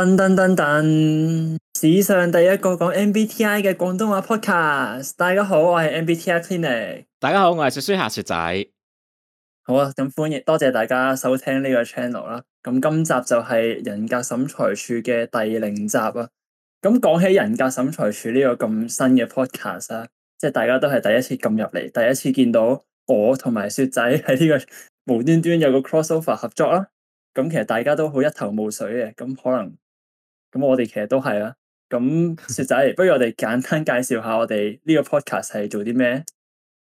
噔噔噔噔！史上第一個講 MBTI 嘅廣東話 podcast，大家好，我係 MBTI Clinic。大家好，我係、er、雪書下雪仔。好啊，咁歡迎，多謝大家收聽呢個 channel 啦。咁今集就係人格審裁處嘅第零集啊。咁講起人格審裁處呢個咁新嘅 podcast 啊，即係大家都係第一次撳入嚟，第一次見到我同埋雪仔喺呢個無端端有個 cross over 合作啦、啊。咁其實大家都好一頭霧水嘅，咁可能。咁我哋其實都係啦、啊，咁雪仔，不如我哋簡單介紹下我哋呢個 podcast 係做啲咩？誒、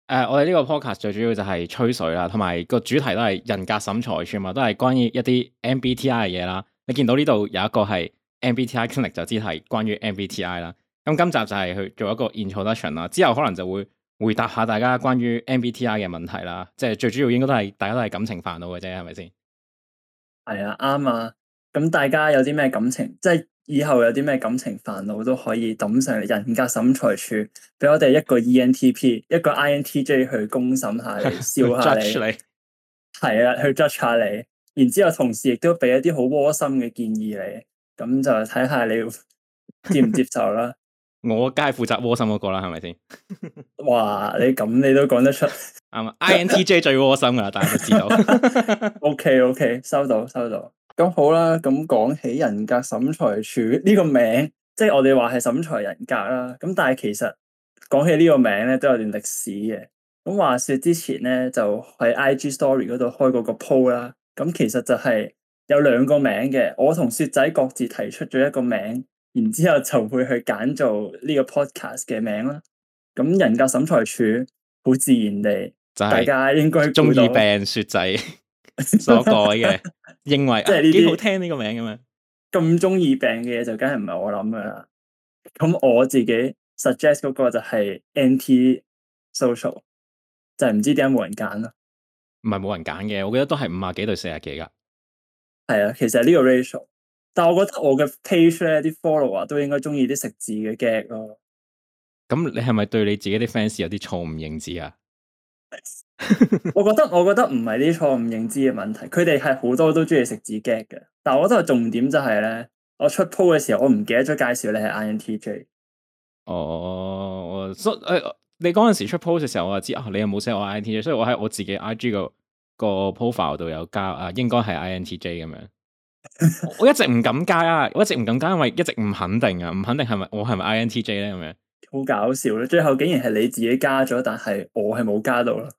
呃，我哋呢個 podcast 最主要就係吹水啦，同埋個主題都係人格審裁，全部都係關於一啲 MBTI 嘅嘢啦。你見到呢度有一個係 MBTI Clinic 就知係關於 MBTI 啦。咁今集就係去做一個 introduction 啦，之後可能就會回答下大家關於 MBTI 嘅問題啦。即係最主要應該都係大家都係感情煩惱嘅啫，係咪先？係啊，啱啊。咁大家有啲咩感情，即係以後有啲咩感情煩惱都可以抌上人格審裁處，俾我哋一個 ENTP，一個 INTJ 去公審下你，笑下你， 你，係啊，去 judge 下你，然之後同時亦都俾一啲好窩心嘅建議你，咁就睇下你接唔接受啦。 我梗係負責窩心嗰個啦，係咪先？ 哇，你咁你都講得出啱啊！INTJ 最窩心噶啦，大家都知道。 OK，OK，okay, okay, 收到，收到。收到。咁好啦，咁講起人格審裁處呢、呢個名，即係我哋話係審裁人格啦。咁但係其實講起呢個名咧，都有段歷史嘅。咁話說之前咧，就喺 IG Story 嗰度開過個 po 啦。咁其實就係有兩個名嘅，我同雪仔各自提出咗一個名，然之後就會去揀做呢個 podcast 嘅名啦。咁人格審裁處，好自然地，就是、大家應該中意病雪仔。 所改嘅認為，即係你幾好聽呢個名咁樣。咁中意病嘅嘢就梗係唔係我諗噶啦。咁我自己 suggest 嗰個就係 NT Social，就係唔知點解冇人揀咯。唔係冇人揀嘅，我覺得都係五啊幾到四啊幾噶。係啊，其實呢個 ratio，但係我覺得我嘅 page 咧，啲 follower 都應該中意啲食字嘅 gag 咯、啊。咁你係咪對你自己啲 fans 有啲錯誤認知啊？ 我覺得我覺得唔係啲錯誤認知嘅問題，佢哋係好多都中意食紙夾嘅。但係我覺得個重點就係咧，我出 post 嘅時候，我唔記得咗介紹你係 INTJ。哦，所誒，你嗰陣時出 post 嘅時候，我就知啊，你又冇寫我 INTJ，所以我喺我自己 IG 個、嗰個 profile 度有加啊，應該係 INTJ 咁樣。 我一直唔敢加啊，我一直唔敢加，因為一直唔肯定啊，唔肯定係咪我係咪 INTJ 咧咁樣。好搞笑咯！最後竟然係你自己加咗，但係我係冇加到咯。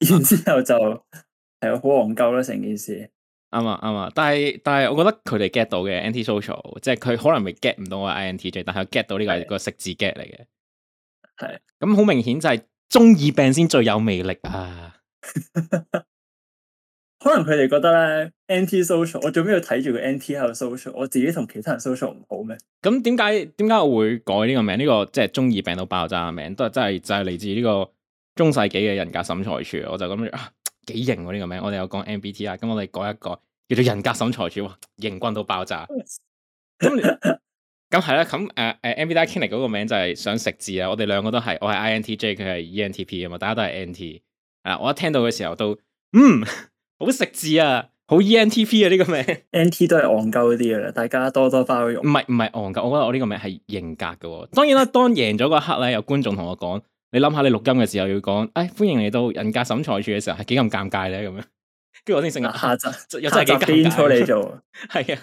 然之後就係好戇鳩啦成件事。啱啊啱啊！但係但係，我覺得佢哋 get 到嘅 anti-social，即係佢可能未 get 唔到我 INTJ，但係 get 到呢個係個食字 get 嚟嘅。係咁好明顯就係中二病先最有魅力啊！ 可能佢哋覺得咧，NT social，我做咩要睇住個 NT 喺度 social？我自己同其他人 social 唔好咩？咁點解點解我會改呢個名？呢、這個即係中二病到爆炸嘅名，都係真係就係、是、嚟、就是、自呢個中世紀嘅人格審裁處。我就諗住啊，幾型呢、啊這個名？我哋有講 MBT 啊，咁我哋改一改叫做人格審裁處，型慣到爆炸。咁咁係啦，咁誒誒，MBT Kinnik 嗰個名就係想食字啊！我哋兩個都係，我係 INTJ，佢係 ENTP 啊嘛，大家都係 NT 啊！我一聽到嘅時候都嗯。好食字啊！好 ENTP 啊！呢、這個名 NT 都係戇鳩啲嘅啦，大家多多包容。唔係唔係戇鳩，我覺得我呢個名係型格噶、哦。當然啦，當贏咗嗰一刻咧，有觀眾同我講：你諗下你錄音嘅時候要講，誒、哎，歡迎嚟到人格審裁處嘅時候係幾咁尷尬咧？咁樣，跟住我先成日下集，啊、又真尷尬下集嘅 intro 嚟做。係啊，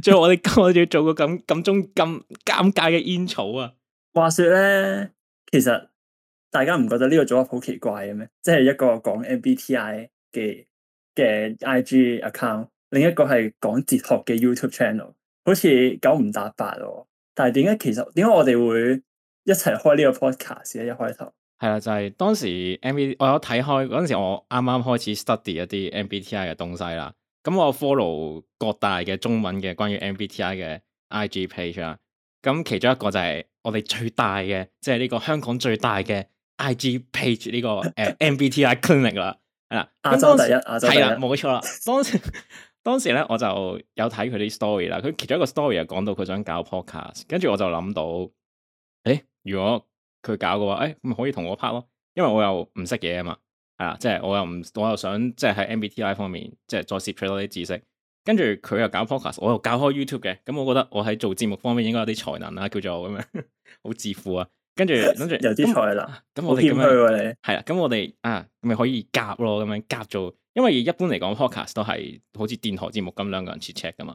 最後我哋我哋要做個咁咁中咁尷尬嘅 intro 啊！話說咧，其實大家唔覺得呢個組合好奇怪嘅咩？即係一個講 MBTI 嘅。嘅 IG account，另一個係講哲學嘅 YouTube channel，好似九唔搭八喎。但係點解其實點解我哋會一齊開呢個 podcast 咧？一開頭係啦，就係、係、當時 MB，我有睇開嗰陣時，我啱啱開，開始 study 一啲 MBTI 嘅東西啦。咁我 follow 各大嘅中文嘅關於 MBTI 嘅 IG page 啦。咁其中一個就係我哋最大嘅，即係呢個香港最大嘅 IG page 呢、呢個誒、uh, MBTI clinic 啦。 嗱，亞洲第一，亞洲第一，係啦，冇錯啦。當時當時咧，我就有睇佢啲 story 啦。佢其中一個 story 又講到佢想搞 podcast，跟住我就諗到，誒、欸，如果佢搞嘅話，誒、欸，咁可以同我拍咯，因為我又唔識嘢啊嘛。係啦，即係我又唔，我又想即係喺 MBTI 方面，即係再攝取多啲知識。跟住佢又搞 podcast，我又搞開 YouTube 嘅，咁我覺得我喺做節目方面應該有啲才能啦，啊，叫做咁樣，好 自負啊！跟住，跟住有啲菜啦。咁我哋咁樣係啦。咁我哋啊，咪、啊啊啊、可以夾咯，咁樣夾做。因為一般嚟講，podcast 都係好似電台節目咁，兩 個人 chat chat 噶嘛。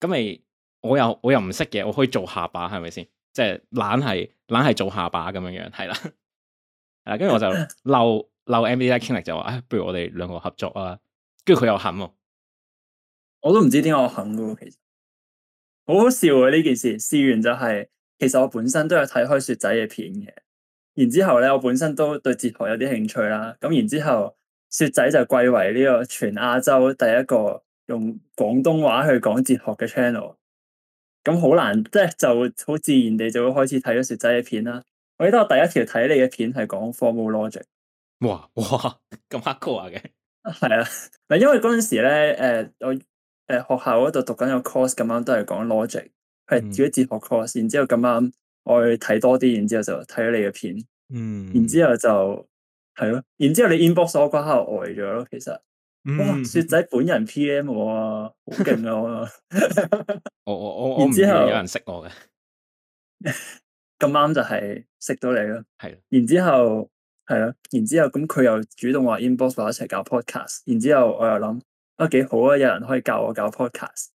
咁咪我又我又唔識嘅，我可以做下巴，係咪先？即係懶係懶係做下巴咁樣樣，係啦。係啦，啊，跟住我就嬲嬲 MBTI Kelly 就話，啊，不如我哋兩個合作啊。跟住佢又肯，我都唔知點解我肯噶喎。其實好好笑啊！呢件事試完就係。其實我本身都有睇開雪仔嘅片嘅，然之後咧我本身都對哲學有啲興趣啦。咁然之後雪仔就貴為呢個全亞洲第一個用廣東話去講哲學嘅 channel。咁好難，即係就好自然地就會開始睇咗雪仔嘅片啦。我記得我第一條睇你嘅片係講 formal logic。哇哇，咁黑哥啊嘅，係啦。嗱，因為嗰陣時咧，誒、呃、我誒、呃、學校嗰度讀緊個 course 咁啱都係講 logic。係做啲哲學 course，然之後咁啱我去睇多啲，然之後就睇咗你嘅片，嗯，然之後就係咯，然之後你 inbox 嗰下呆咗咯，其實，嗯、哇，雪仔本人 PM 我啊，好勁啊， 我我我然後我唔覺得有人識我嘅，咁啱就係識到你咯，係的，然之後係咯，然之後咁佢又主動話 inbox 我一齊搞 podcast，然之後我又諗啊幾好啊，有人可以教我搞 podcast。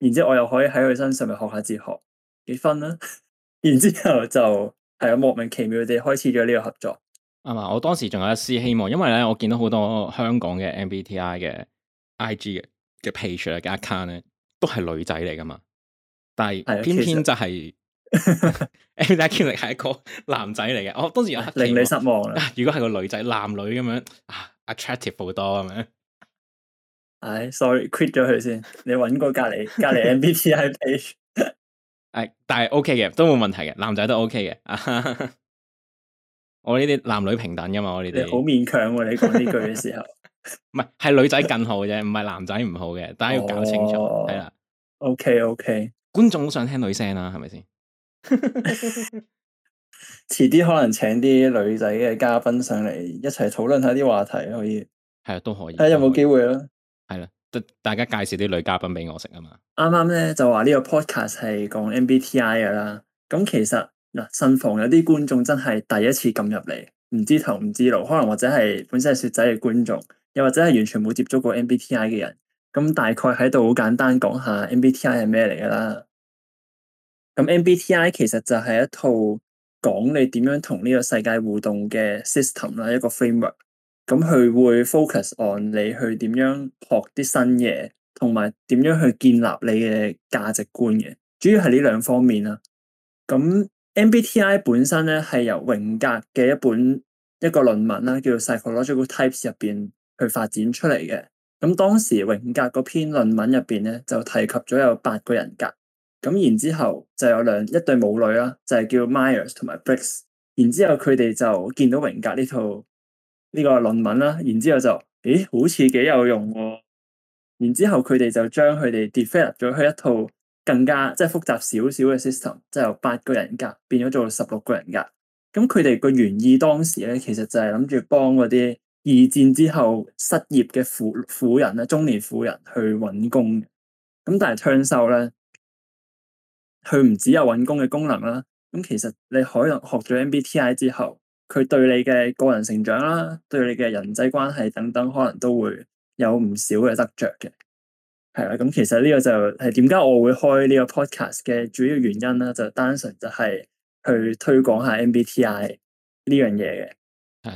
然之後我又可以喺佢身上面學下哲學，結婚啦。然之後就係莫名其妙地開始咗呢個合作。啊嘛，我當時仲有一絲希望，因為咧我見到好多香港嘅 MBTI 嘅 IG 嘅嘅 page 啊，嘅 account 咧都係女仔嚟噶嘛，但係偏偏就係 MBTI 係一個男仔嚟嘅。我當時令你失望啦。如果係個女仔，男女咁樣啊，attractive 好多咁樣。 唉，sorry，quit 咗佢先。你揾個隔籬，隔籬 MBTI page。唉，但係 OK 嘅，都冇問題嘅。男仔都 OK 嘅。我呢啲男女平等噶嘛。我呢啲好勉強你講呢句嘅時候，唔係係女仔更好嘅，唔係男仔唔好嘅。大家要搞清楚係啦。OK OK，觀眾都想聽女聲啦，係咪先？遲啲可能請啲女仔嘅嘉賓上嚟一齊討論下啲話題，可以係啊，都可以。睇有冇機會啦。係啦，都大家介紹啲女嘉賓俾我食啊嘛。啱啱咧就話呢個 podcast 係講 MBTI 噶啦。咁其實嗱，慎防有啲觀眾真係第一次撳入嚟，唔知頭唔知路，可能或者係本身係雪仔嘅觀眾，又或者係完全冇接觸過 MBTI 嘅人。咁大概喺度好簡單講下 MBTI 係咩嚟噶啦。咁 MBTI 其實就係一套講你點樣同呢個世界互動嘅 system 啦，一個 framework。咁佢會 focus on 你去點樣學啲新嘢，同埋點樣去建立你嘅價值觀嘅，主要係呢兩方面啦。咁 MBTI 本身咧係由榮格嘅一本一個論文啦，叫做 Psychological Types 入邊去發展出嚟嘅。咁當時榮格嗰篇論文入邊咧就提及咗有八個人格，咁然之後就有兩一對母女啦，就係叫 Myers 同埋 Briggs，然之後佢哋就見到榮格呢套。呢個論文啦，然之後就，咦，好似幾有用喎、啊。然之後佢哋就將佢哋 develop 咗去一套更加即係、就是、複雜少少嘅 system，即係由八個人格變咗做十六個人格。咁佢哋個原意當時咧，其實就係諗住幫嗰啲二戰之後失業嘅婦婦人咧，中年婦人去揾工。咁但係 t s u 咧，佢唔止有揾工嘅功能啦。咁其實你可能學咗 MBTI 之後。佢對你嘅個人成長啦，對你嘅人際關係等等，可能都會有唔少嘅得着嘅。係啊，咁其實呢個就係點解我會開呢個 podcast 嘅主要原因啦，就單純就係去推廣下 MBTI 呢樣嘢嘅。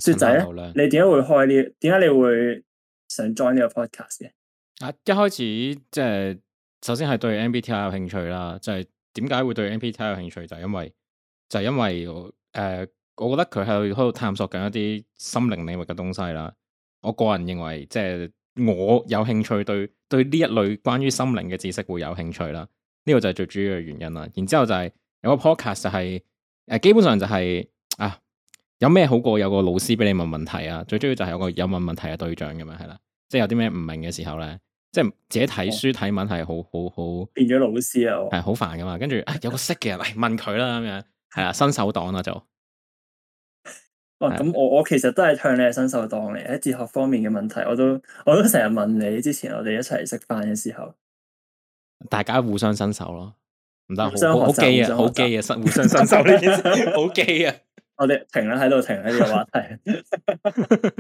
雪的仔咧，你點解會開呢？點解你會想 join 呢個 podcast 嘅？啊，一開始即係、就係、首先係對 MBTI 有興趣啦，就係點解會對 MBTI 有興趣，就係、因為就係、因為誒。呃我覺得佢係喺度探索緊一啲心靈領域嘅東西啦。我個人認為，即係我有興趣對對呢一類關於心靈嘅知識會有興趣啦。呢、這個就係最主要嘅原因啦。然之後就係、是、有個 podcast 就係、是、誒、呃，基本上就係、是、啊，有咩好過有個老師俾你問問題啊？最主要就係有個有問問題嘅對象咁樣係啦。即係有啲咩唔明嘅時候咧，即係自己睇書睇文係好好好變咗老師啊，係好煩噶嘛。跟住有個識嘅人嚟問佢啦咁樣，係啊新手黨啊就。哇！咁我我其實都係向你伸手當嚟，喺哲學方面嘅問題，我都我都成日問你。之前我哋一齊食飯嘅時候，大家互相伸手咯，唔得，好機啊，好機啊，互互相伸手呢件事。好機啊。我哋停啦，喺度停呢個話題。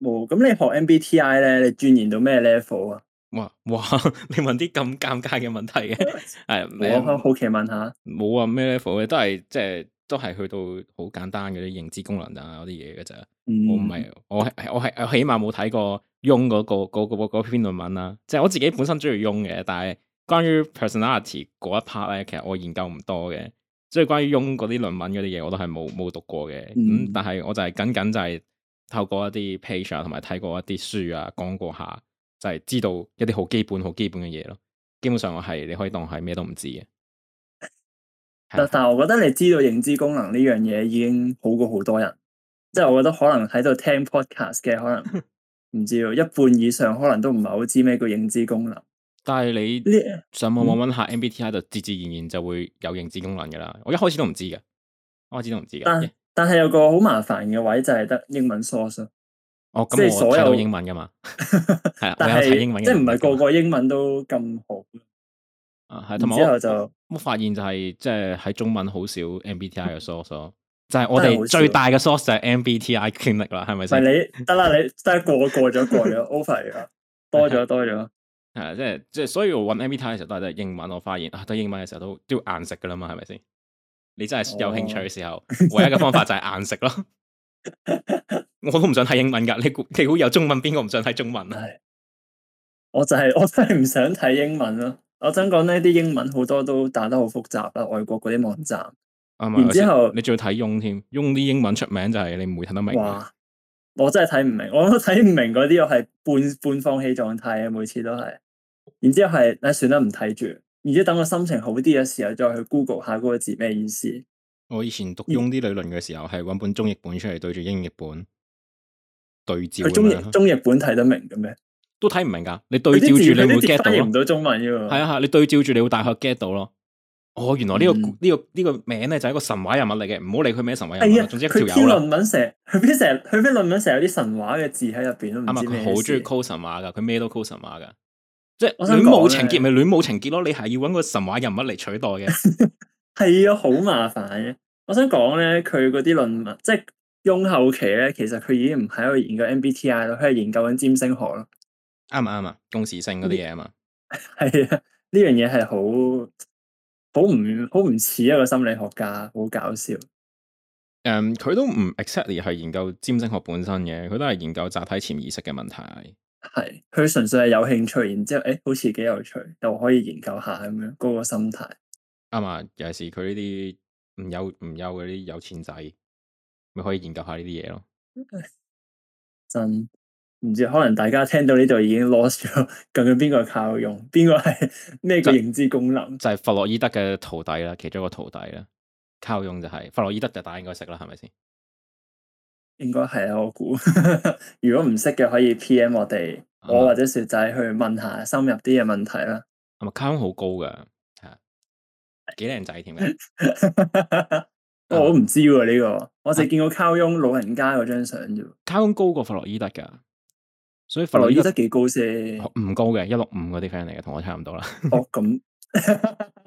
冇咁，你學 MBTI 咧，你鑽研到咩 level 啊？哇哇！你問啲咁尷尬嘅問題嘅，係我好奇問下。冇啊，咩 level 咧？都係即係。都係去到好簡單嗰啲認知功能啊，嗰啲嘢嘅啫，我唔係我係我係我起碼冇睇過翁嗰個嗰個嗰篇論文啊，即係我自己本身中意翁嘅，但係關於 personality 嗰一 part 咧，其實我研究唔多嘅，即係關於翁嗰啲論文嗰啲嘢我都係冇冇讀過嘅，咁、嗯嗯、但係我就係僅僅就係透過一啲 page 啊，同埋睇過一啲書啊，講過下就係知道一啲好基本好基本嘅嘢咯，基本上我係你可以當係咩都唔知嘅。但但係我覺得你知道認知功能呢樣嘢已經好過好多人，即係我覺得可能喺度聽 podcast 嘅可能唔知道 一半以上可能都唔係好知咩叫認知功能。但係你上網網揾下 MBTI 就自自然然就會有認知功能㗎啦、嗯。我一開始都唔知嘅，我但耶一開始都唔知嘅。但但係有個好麻煩嘅位就係得英文 source。哦，嗯、即係所有英文㗎嘛？係 啊是，我係英文即係唔係個個英文都咁好？係，同埋之後就我發現，就係即係喺中文好少 MBTI 嘅 source, source，就係我哋最大嘅 source 就係 MBTI 聽力啦，係咪先？唔係你得啦，你真係過過咗過咗 offer 啊，多咗多咗。係啊，即係即係，所以我搵 MBTI 嘅時候都係都係英文。我發現啊，對英文嘅時候都都要硬食噶啦嘛，係咪先？你真係有興趣嘅時候，啊、唯一嘅方法就係硬食咯。 我都唔想睇英文噶，你估你估有中文，邊個唔想睇中文啊、係？我就係我真係唔想睇英文咯。我想講呢啲英文好多都打得好複雜啦，外國嗰啲網站。啊、然之後、啊、你仲要睇 Jung 添，Jung 啲英文出名就係你唔會睇得明。哇！我真係睇唔明，我都睇唔明嗰啲，又係半半放棄狀態嘅，每次都係。然之後係，唉，算啦，唔睇住。然之後等我心情好啲嘅時候再去 Google 下嗰個字咩意思。我以前讀 Jung 啲理論嘅時候，係搵而本中譯本出嚟對住英譯本對照。佢中譯中譯本睇得明嘅咩？都睇唔明噶，你對照住你會 get 到唔中文咯。係啊係，你對照住你會大概 get、嗯、到咯。哦，原來呢、呢個呢、呢個呢、呢個名咧就係一個神話人物嚟嘅，唔好理佢咩神話人物啦。的總之佢寫論文成佢啲成佢啲論文成日有啲神話嘅字喺入邊咯。阿佢好中意 call 神話噶，佢咩都 call 神話噶。即係戀母情結咪戀母情結咯， 你係要搵個神話人物嚟取代嘅。係啊， 好麻煩嘅。我想講咧，佢嗰啲論文即係翁後期咧，其實佢已經唔喺度研究 MBTI 咯，佢係研究緊占星學咯。啱唔啱啊？共時性嗰啲嘢啊嘛，係啊，呢樣嘢係好好唔好唔似一個心理學家，好搞笑。嗯，佢都唔 exactly 係研究占星學本身嘅，佢都係研究集體潛意識嘅問題。係，佢純粹係有興趣，然之後誒，好似幾有趣，又可以研究下咁樣嗰個心態。啱啊，尤其是佢呢啲唔憂唔憂嗰啲有錢仔，咪可以研究下呢啲嘢咯。 真。唔知可能大家聽到呢度已經 lost 咗究竟邊個靠用，邊個係咩個認知功能？就係、是、弗洛伊德嘅徒弟啦，其中一個徒弟啦，靠用就係、是、弗洛伊德就大家應該識啦，係咪先？應該係啊，我估。 如果唔識嘅可以 PM 我哋，啊、我或者小仔去問，問下深入啲嘅問題啦。係咪靠用好高噶？係，幾靚仔添啊！不過我唔知呢個，是我淨係見過靠用老人家嗰張相啫。靠用高過弗洛伊德噶。所以弗洛，洛伊德幾高先？唔、哦、高嘅，一六五嗰啲 friend 嚟嘅，同我差唔多啦。哦，咁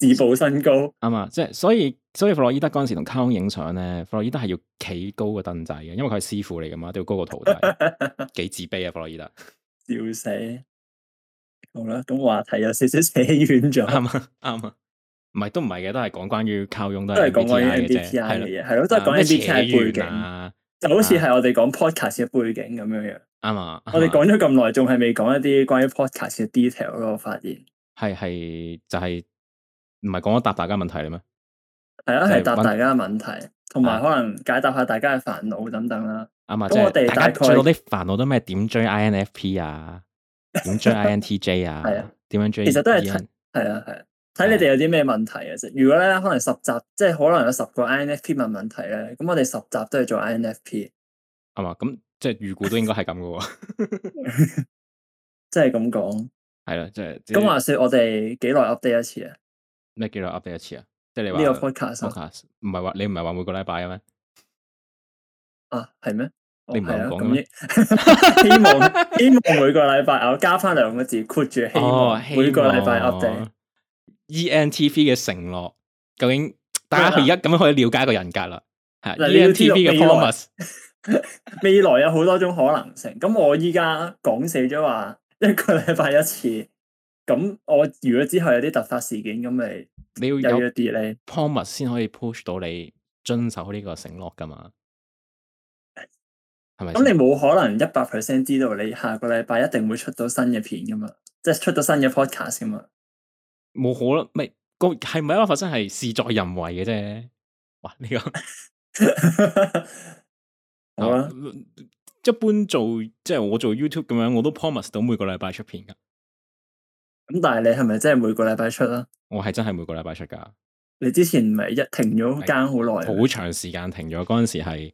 自報身高啱啊！即係所以，所以弗洛伊德嗰陣時同卡翁影相咧，弗洛伊德係要企高個凳仔嘅，因為佢係師傅嚟噶嘛，都要高個徒弟。幾 自卑啊！弗洛伊德，笑死。 好啦，咁話題有少少寫遠咗。啱啊， 啱啊，唔係都唔係嘅，都係講關於卡翁都係講關於 M B T I 嘅嘢，係咯，都係講啲 M B T I 背景啊， 就好似係我哋講 podcast 嘅背景咁樣樣。 啱啊！ 我哋講咗咁耐，仲係未講一啲關於 podcast 嘅 detail 咯。發現係係就係唔係講咗答大家問題咧咩？係 啊，係答大家嘅問題，同埋可能解答下大家嘅煩惱等等啦。啱啊，即 係大，大家最多啲煩惱都咩？點追 INFP 啊？點追 INTJ 啊？係 啊？點樣追？其實都係睇，係啊係啊，睇、啊、你哋有啲咩問題嘅啫。如果咧，可能十集即係、就是、可能有十個 INFP 問問題咧，咁我哋十集都係做 INFP。係嘛？咁。 即係預估都應該係咁噶喎，即係咁講，係啦，即係。咁話說我哋幾耐 update 一次啊？咩幾耐 update 一次啊？即係你話呢個 focus？唔係話你唔係話每個禮拜嘅咩？啊，係咩？你唔係講希望希望每個禮拜我加翻兩個字，括住希望每個禮拜 update。ENTP 嘅承諾，究竟大家而家咁樣可以了解個人格啦，係 ENTP 嘅 promise。 未來有好多種可能性，咁我依家講死咗話一個禮拜一次，咁我如果之後有啲突發事件，咁咪你要有一啲咧 promise 先可以 push 到你遵守呢個承諾噶嘛？係咪？咁你冇可能一百 percent 知道你下個禮拜一定會出到新嘅片噶嘛？即係出到新嘅 podcast 噶嘛？冇可能咩？個係咪一個發生係事在人為嘅啫？哇！呢、這個。 好啦，一般做即係、就是、我做 YouTube 咁樣，我都 promise 到每個禮拜出片噶。咁但係你係咪真係每個禮拜出啊？我係真係每個禮拜出噶。你之前唔係一停咗間好耐，好長時間停咗，嗰陣時係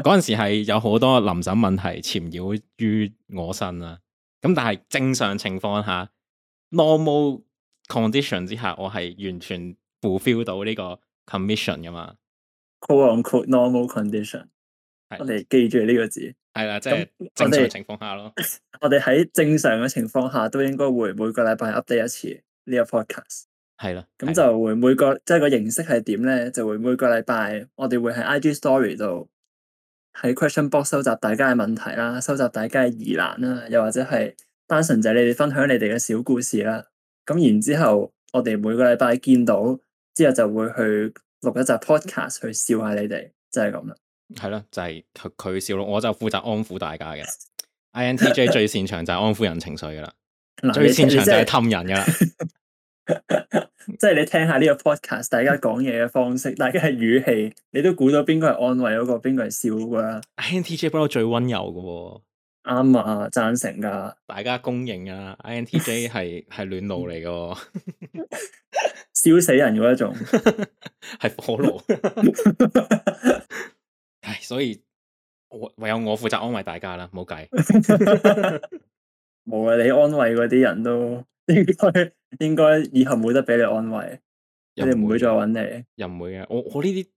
陣 時係有好多臨審問題纏繞於我身啊。咁但係正常情況下，normal condition 之下，我係完全 fulfil 到呢個 commission 噶嘛。Quote on quote normal condition。我哋記住呢個字，係啦，即係咁正常情況下咯。我哋喺正常嘅情況下，都應該會每個禮拜 update 一次呢個 podcast。係啦的，咁就會每個的即係個形式係點咧，就會每個禮拜我哋會喺 IG story 度喺 question box 收集大家嘅問題啦，收集大家嘅疑難啦，又或者係單純就係你哋分享你哋嘅小故事啦。咁然之後，我哋每個禮拜見到之後就會去錄一集 podcast 去笑下你哋，就係咁啦。係咯，就係、是、佢笑咯，我就負責安撫大家嘅。INTJ 最擅長就係安撫人情緒噶啦， 最擅長就係氹人噶啦。即係 你聽下呢個 podcast，大家講嘢嘅方式，大家係語氣，你都估到邊個係安慰嗰個，邊個係笑噶。INTJ 不嬲 最温柔噶喎、哦，啱啊，贊成噶，大家公認啊，INTJ 係係 暖爐嚟噶，， 笑死人嗰一種，係 火爐 爐。 所以，我唯有我負責安慰大家啦，冇計，無 論 你安慰嗰啲人都應該應該以後冇得俾你安慰，你哋唔會再揾你，又唔會嘅。我我呢啲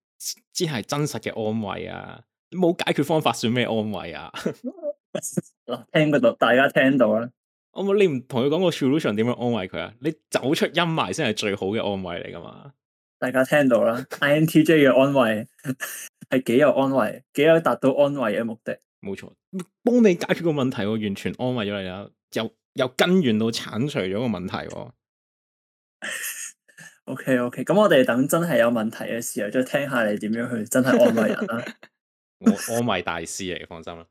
只係真實嘅安慰啊，冇解決方法算咩安慰啊？嗱 聽度，大家聽到啦，我冇你唔同佢講個 solution，點樣安慰佢啊？你走出陰霾先係最好嘅安慰嚟㗎嘛？大家聽到啦，INTJ 嘅安慰。 係幾有安慰，幾有達到安慰嘅目的。冇錯，幫你解決個問題，完全安慰咗你啦，又又根源到鏟除咗個問題。 OK，OK，okay, okay，咁我哋等真係有問題嘅時候，再聽下你點樣去真係安慰人啦。 我安慰大師嚟，放心啦。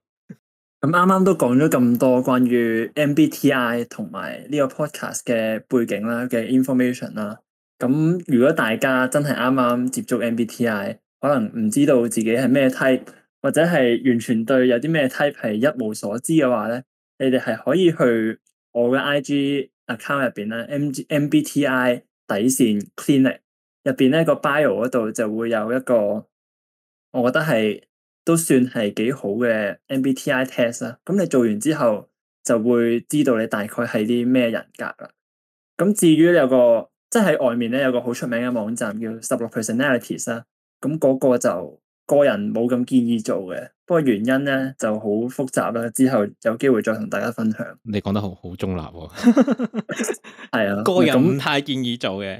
咁啱啱都講咗咁多關於 MBTI 同埋呢個 podcast 嘅背景啦，嘅 information 啦。咁如果大家真係啱啱接觸 MBTI，可能唔知道自己係咩 type，或者係完全對有啲咩 type 係一無所知嘅話咧，你哋係可以去我嘅 IG account 入邊咧，M G M B T I 底線 clinic 入邊咧個 bio 嗰度就會有一個，我覺得係都算係幾好嘅 M B T I test 啦。咁你做完之後就會知道你大概係啲咩人格啦。咁至於有個即係喺外面咧有個好出名嘅網站叫十六 personalities 啦。咁嗰個就個人冇咁建議做嘅，不過原因咧就好複雜啦。之後有機會再同大家分享。你講得好好中立喎，係啊， 嗎個人唔太建議做嘅。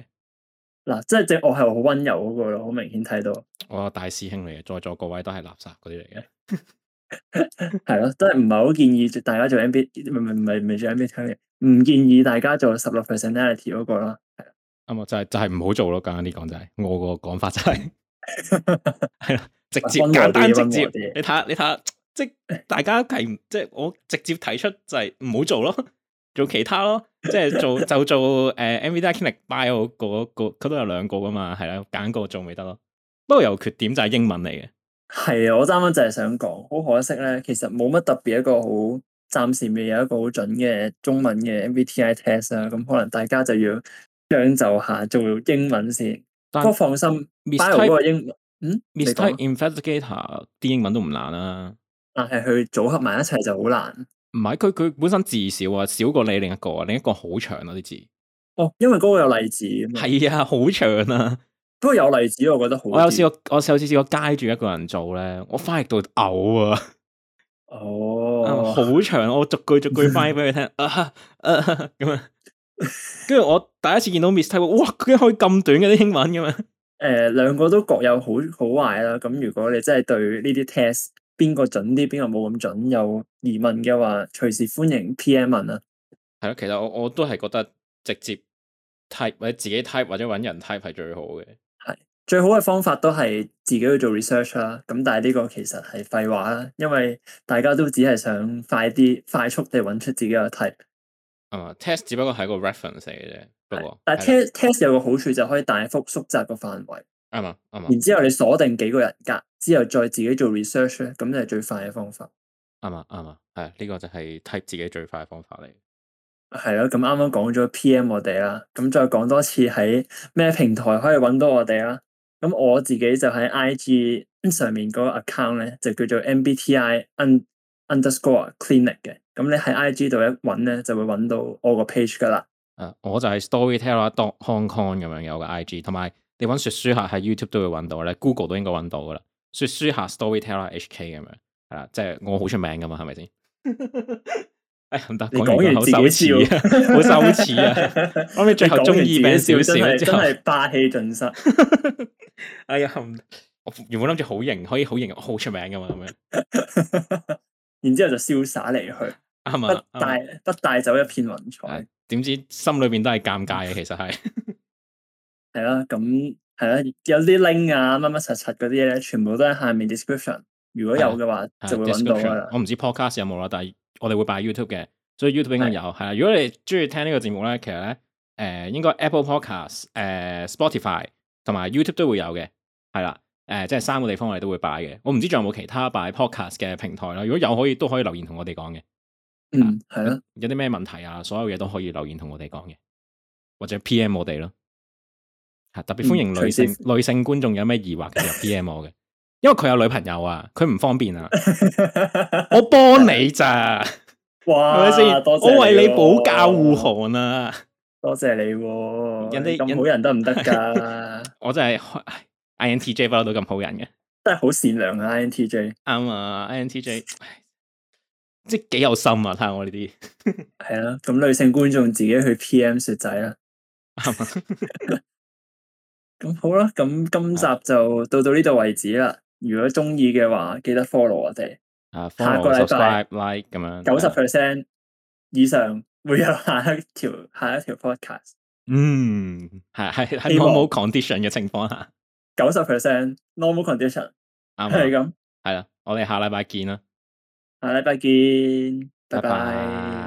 嗱 那個，即係即係我係好溫柔嗰個咯，好明顯睇到。我大師兄嚟嘅，在座各位都係垃圾嗰啲嚟嘅，係咯，都係唔係好建議大家做 MB，唔唔唔唔做 MBTI 嘅，唔建議大家做十六 personality 嗰個咯、那個。啱啊、嗯，就係就係唔好做咯，簡單啲講就係我個講法就係、是。係啦，直接簡單直接，你睇下你睇下，即係大家提，即係 我直接提出就係唔好做咯，做其他咯，即係做就做誒 MBTI c by 嗰個，佢、呃、都有兩個噶嘛，係啦、啊，揀個做咪得咯。不過有缺點就係英文嚟嘅，係啊，我啱啱就係想講，好可惜咧，其實冇乜特別一個好，暫時未有一個好準嘅中文嘅 MBTI test 啊，咁可能大家就要將就下做英文先。都放心 m i c h e l 嗰個英文嗯 m i c h e l investigator 啲英文都唔難啦、啊。但係佢組合埋一齊就好難、啊。唔係佢佢本身字少啊，少過你另一個啊，另一個好長啊啲字。哦，因為嗰個有例子。係啊，好、嗯、長啊。不過有例子，我覺得好。我有試過，我有次試過街住一個人做咧，我翻譯到嘔啊。哦 ，oh. 好長、啊，我逐句逐句翻譯俾佢聽。啊啊咁啊。啊啊啊啊啊啊啊跟住 我第一次見到 Miss，type 我話哇，居然可以咁短嘅啲英文咁樣。誒、呃，兩個都各有好好壞啦。咁如果你真係對呢啲 test，邊個準啲，邊個冇咁準，有疑問嘅話，隨時歡迎 PM 問啊。係咯，其實我我都係覺得直接 type 或者自己 type 或者搵人 type 係最好嘅。係最好嘅方法都係自己去做 research 啦。咁但係呢個其實係廢話啦，因為大家都只係想快啲、快速地搵出自己嘅 type。test、嗯、只不過係一個 reference 嚟嘅啫，不過但係 test test 有個好處就可以大幅縮窄個範圍，啊嘛啊嘛，嗯、然之後你鎖定幾個人格之後再自己做 research 咧，咁就係最快嘅方法。啱啊啱啊，係、嗯、啊，呢、嗯嗯這個就係 type 自己最快嘅方法嚟。係咯、啊，咁啱啱講咗 PM 我哋啦，咁再講多次喺咩平台可以揾到我哋啦。咁我自己就喺 IG 上面嗰個 account 咧，就叫做 MBTI underscore clinic 嘅。咁你喺 I G 度一揾咧，就會揾到我個 page 噶啦。誒、啊，我就係 storyteller dot Hong Kong 咁樣有個 I G，同埋你揾雪書客喺 YouTube 都會揾到咧，Google 都應該揾到噶啦。雪書客 storyteller HK 咁樣，係、啊、啦，即、就、係、是、我好出名噶嘛，係咪先？ 哎，唔得，你講完好 羞恥恥啊，好羞恥啊！啱啱最後中意名少少，少 真，真係霸氣盡失 哎。哎呀，我原本諗住好型，可以好型，好出名噶嘛咁樣，然之後就瀟灑嚟去。啱啊！帶不帶走一片雲彩，點、啊、知心裏面都係尷尬嘅。其實係係啦，咁係啦，有啲 link 啊，乜乜柒柒嗰啲咧，全部都喺下面 description。如果有嘅話，啊、就會揾到啦。啊、我唔知 podcast 有冇啦，但係我哋會擺 YouTube 嘅，所以 YouTube 應該有。係啦是，如果你中意聽呢個節目咧，其實咧，誒、呃，應該 Apple Podcast、呃、誒 Spotify 同埋 YouTube 都會有嘅。係啦，誒、呃，即係三個地方我哋都會擺嘅。我唔知仲有冇其他擺 podcast 嘅平台啦。如果有，可以都可以留言同我哋講嘅。嗯，係咯、嗯，有啲咩問題啊？所有嘢都可以留言同我哋講嘅，或者 P. M. 我哋咯，特別歡迎女性、嗯、女性觀眾有咩疑惑入 P. M. 我嘅， 因為佢有女朋友啊，佢唔方便啊， 我幫你咋？哇嘩，係咪先我為你保駕護航啊！多謝你，人哋咁、哎、好人得唔得噶，人家人 我真係、哎、I. N. T. J. 不嬲都咁好人嘅，真係好善良啊！I. N. T. J. 啱啊！I. N. T. J. 即係幾有心啊！睇下我呢啲係啦，咁女性觀眾自己去 PM 雪仔啦。咁 好啦，咁今集就到到呢度為止啦。如果中意嘅話，記得 follow 我哋。啊，下個禮拜 like 咁樣九十 percent 以上會有下一條的下一條 podcast。嗯，係係喺 normal condition 嘅情況下，九十 percent normal condition 係咁係啦。我哋下禮拜見啦。好，下禮拜見，拜拜。Bye.